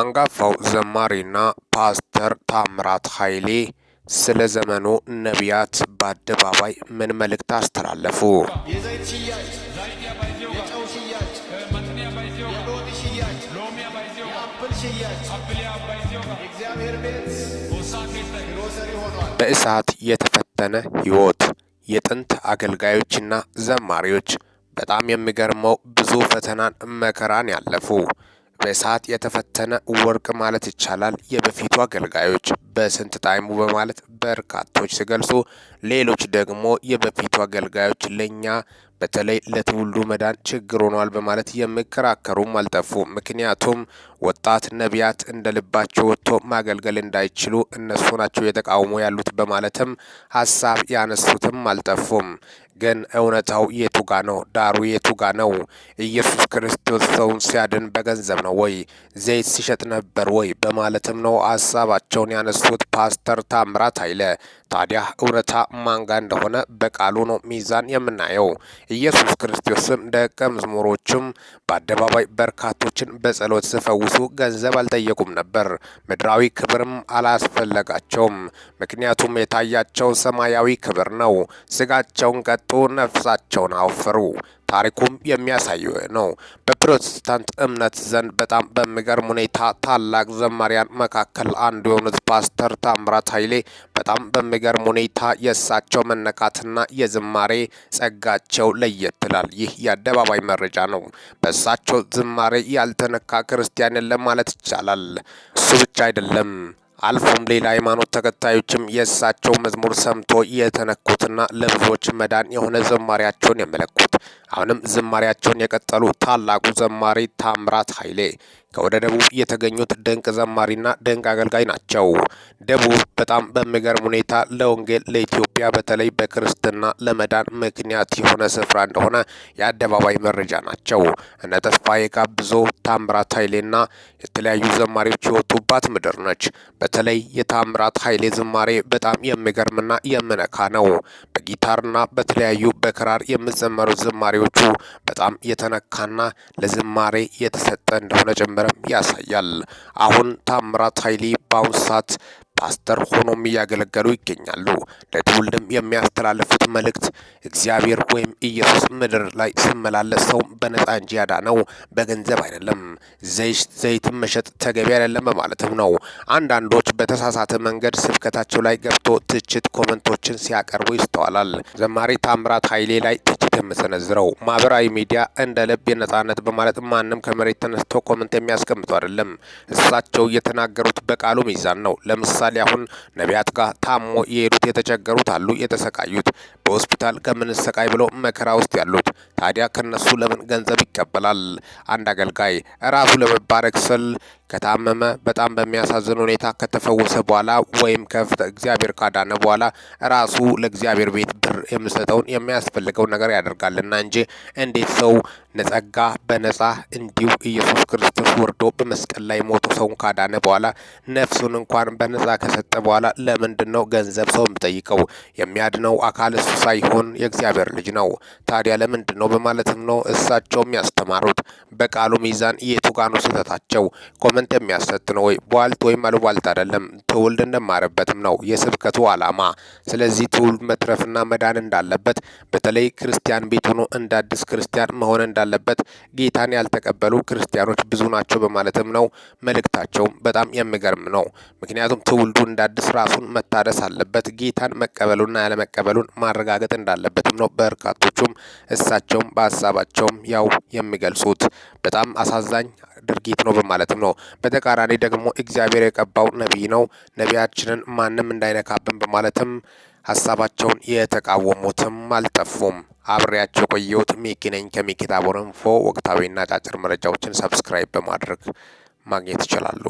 አንጋፋው ዘማሪና ፓስተር ታምራት ኃይሌ ስለ ዘመኑ ነቢያት በአደባባይ ምን መልእክት አስተላለፉ? በእሳት የተፈተነ ህይወት የጥንት አገልጋዮችና ዘማሪዎች በጣም የሚገርመው ብዙ ፈተናን መከራን ያለፉ በእሳት የተፈተነ ወርቅ ማለት ይቻላል የበፊቱ አገልጋዮች በስንት ጣይሙ በማለት በርካቶች ሲገልጹ፣ ሌሎች ደግሞ የበፊቱ አገልጋዮች ለእኛ በተለይ ለትውልዱ መዳን ችግር ሆኗል በማለት የሚከራከሩም አልጠፉ። ምክንያቱም ወጣት ነቢያት እንደ ልባቸው ወጥቶ ማገልገል እንዳይችሉ እነሱ ናቸው የተቃውሞ ያሉት በማለትም ሀሳብ ያነሱትም አልጠፉም። ግን እውነታው የቱጋ ነው? ዳሩ የቱጋ ነው? ኢየሱስ ክርስቶስ ሰውን ሲያድን በገንዘብ ነው ወይ? ዘይት ሲሸጥ ነበር ወይ? በማለትም ነው ሀሳባቸውን ያነሱ ያሉት ፓስተር ታምራት ኃይለ ታዲያ እውነታ ማንጋ እንደሆነ በቃሉ ነው ሚዛን የምናየው። ኢየሱስ ክርስቶስም ደቀ መዝሙሮቹም በአደባባይ በርካቶችን በጸሎት ሲፈውሱ ገንዘብ አልጠየቁም ነበር፣ ምድራዊ ክብርም አላስፈለጋቸውም። ምክንያቱም የታያቸው ሰማያዊ ክብር ነው። ስጋቸውን ቀጡ፣ ነፍሳቸውን አወፈሩ። ታሪኩም የሚያሳየ ነው። በፕሮቴስታንት እምነት ዘንድ በጣም በሚገርም ሁኔታ ታላቅ ዘማሪያን መካከል አንዱ የሆኑት ፓስተር ታምራት ኃይሌ በጣም በሚገርም ሁኔታ የእሳቸው መነካትና የዝማሬ ጸጋቸው ለየት ይላል። ይህ የአደባባይ መረጃ ነው። በእሳቸው ዝማሬ ያልተነካ ክርስቲያን የለም ማለት ይቻላል። እሱ ብቻ አይደለም አልፎም ሌላ ሃይማኖት ተከታዮችም የእሳቸው መዝሙር ሰምቶ የተነኩትና ለብዙዎች መዳን የሆነ ዘማሪያቸውን የመለኩት አሁንም ዝማሪያቸውን የቀጠሉ ታላቁ ዘማሪ ታምራት ኃይሌ ከወደ ደቡብ የተገኙት ድንቅ ዘማሪና ድንቅ አገልጋይ ናቸው። ደቡብ በጣም በሚገርም ሁኔታ ለወንጌል ለኢትዮጵያ በተለይ በክርስትና ለመዳን ምክንያት የሆነ ስፍራ እንደሆነ የአደባባይ መረጃ ናቸው። እነ ተስፋዬ ጋብዞ፣ ታምራት ኃይሌና የተለያዩ ዘማሪዎች የወጡባት ምድር ነች። በተለይ የታምራት ኃይሌ ዝማሬ በጣም የሚገርምና የምነካ ነው። በጊታርና በተለያዩ በክራር የምዘመሩ ዝማሬ ዘማሪዎቹ በጣም የተነካና ለዝማሬ የተሰጠ እንደሆነ ጭምርም ያሳያል። አሁን ታምራት ኃይሌ በአሁን ሰዓት ፓስተር ሆኖም እያገለገሉ ይገኛሉ። ለትውልድም የሚያስተላልፉት መልእክት እግዚአብሔር ወይም ኢየሱስ ምድር ላይ ስመላለስ ሰው በነፃ እንጂ ያዳነው በገንዘብ አይደለም፣ ዘይትን መሸጥ ተገቢ አይደለም በማለትም ነው። አንዳንዶች በተሳሳተ መንገድ ስብከታቸው ላይ ገብቶ ትችት ኮመንቶችን ሲያቀርቡ ይስተዋላል። ዘማሪ ታምራት ኃይሌ ላይ የምሰነዝረው። ማህበራዊ ሚዲያ እንደ ልብ የነጻነት በማለት ማንም ከመሬት ተነስቶ ኮመንት የሚያስቀምጡ አይደለም። እሳቸው የተናገሩት በቃሉ ሚዛን ነው። ለምሳሌ አሁን ነቢያት ጋር ታሞ የሄዱት የተቸገሩት አሉ፣ የተሰቃዩት በሆስፒታል ከምንሰቃይ ብለው መከራ ውስጥ ያሉት። ታዲያ ከነሱ ለምን ገንዘብ ይቀበላል? አንድ አገልጋይ ራሱ ለመባረክ ስል ከታመመ በጣም በሚያሳዝን ሁኔታ ከተፈወሰ በኋላ ወይም ከፍተ እግዚአብሔር ካዳነ በኋላ ራሱ ለእግዚአብሔር ቤት ብር የምሰጠውን የሚያስፈልገው ነገር ያደርጋልና እንጂ እንዴት ሰው ለጸጋ በነጻ እንዲሁ ኢየሱስ ክርስቶስ ወርዶ በመስቀል ላይ ሞቶ ሰውን ካዳነ በኋላ ነፍሱን እንኳን በነጻ ከሰጠ በኋላ ለምንድን ነው ገንዘብ ሰው የሚጠይቀው? የሚያድነው አካል እሱ ሳይሆን የእግዚአብሔር ልጅ ነው። ታዲያ ለምንድን ነው በማለትም ነው እሳቸው የሚያስተማሩት። በቃሉ ሚዛን የቱጋኑ ስህተታቸው? ኮመንት የሚያሰጥ ነው ወይ? ቧልት ወይም አሉባልት አይደለም፣ ትውልድ እንደማረበትም ነው የስብከቱ አላማ ስለዚህ ትውልድ መትረፍና መዳን እንዳለበት በተለይ ክርስቲያን ቤት ሆኖ እንደ አዲስ ክርስቲያን መሆን እንዳለ ባለበት ጌታን ያልተቀበሉ ክርስቲያኖች ብዙ ናቸው በማለትም ነው መልእክታቸውም። በጣም የሚገርም ነው። ምክንያቱም ትውልዱ እንደ አዲስ ራሱን መታደስ አለበት። ጌታን መቀበሉና ያለመቀበሉን ማረጋገጥ እንዳለበትም ነው በርካቶቹም እሳቸውም በሀሳባቸውም ያው የሚገልጹት። በጣም አሳዛኝ ድርጊት ነው በማለትም ነው። በተቃራኒ ደግሞ እግዚአብሔር የቀባው ነቢይ ነው፣ ነቢያችንን ማንም እንዳይነካብን በማለትም ሀሳባቸውን የተቃወሙትም አልጠፉም። አብሬያቸው ቆየሁት። ሚኪ ነኝ ኢንፎ። ወቅታዊና አጫጭር መረጃዎችን ሰብስክራይብ በማድረግ ማግኘት ይችላሉ።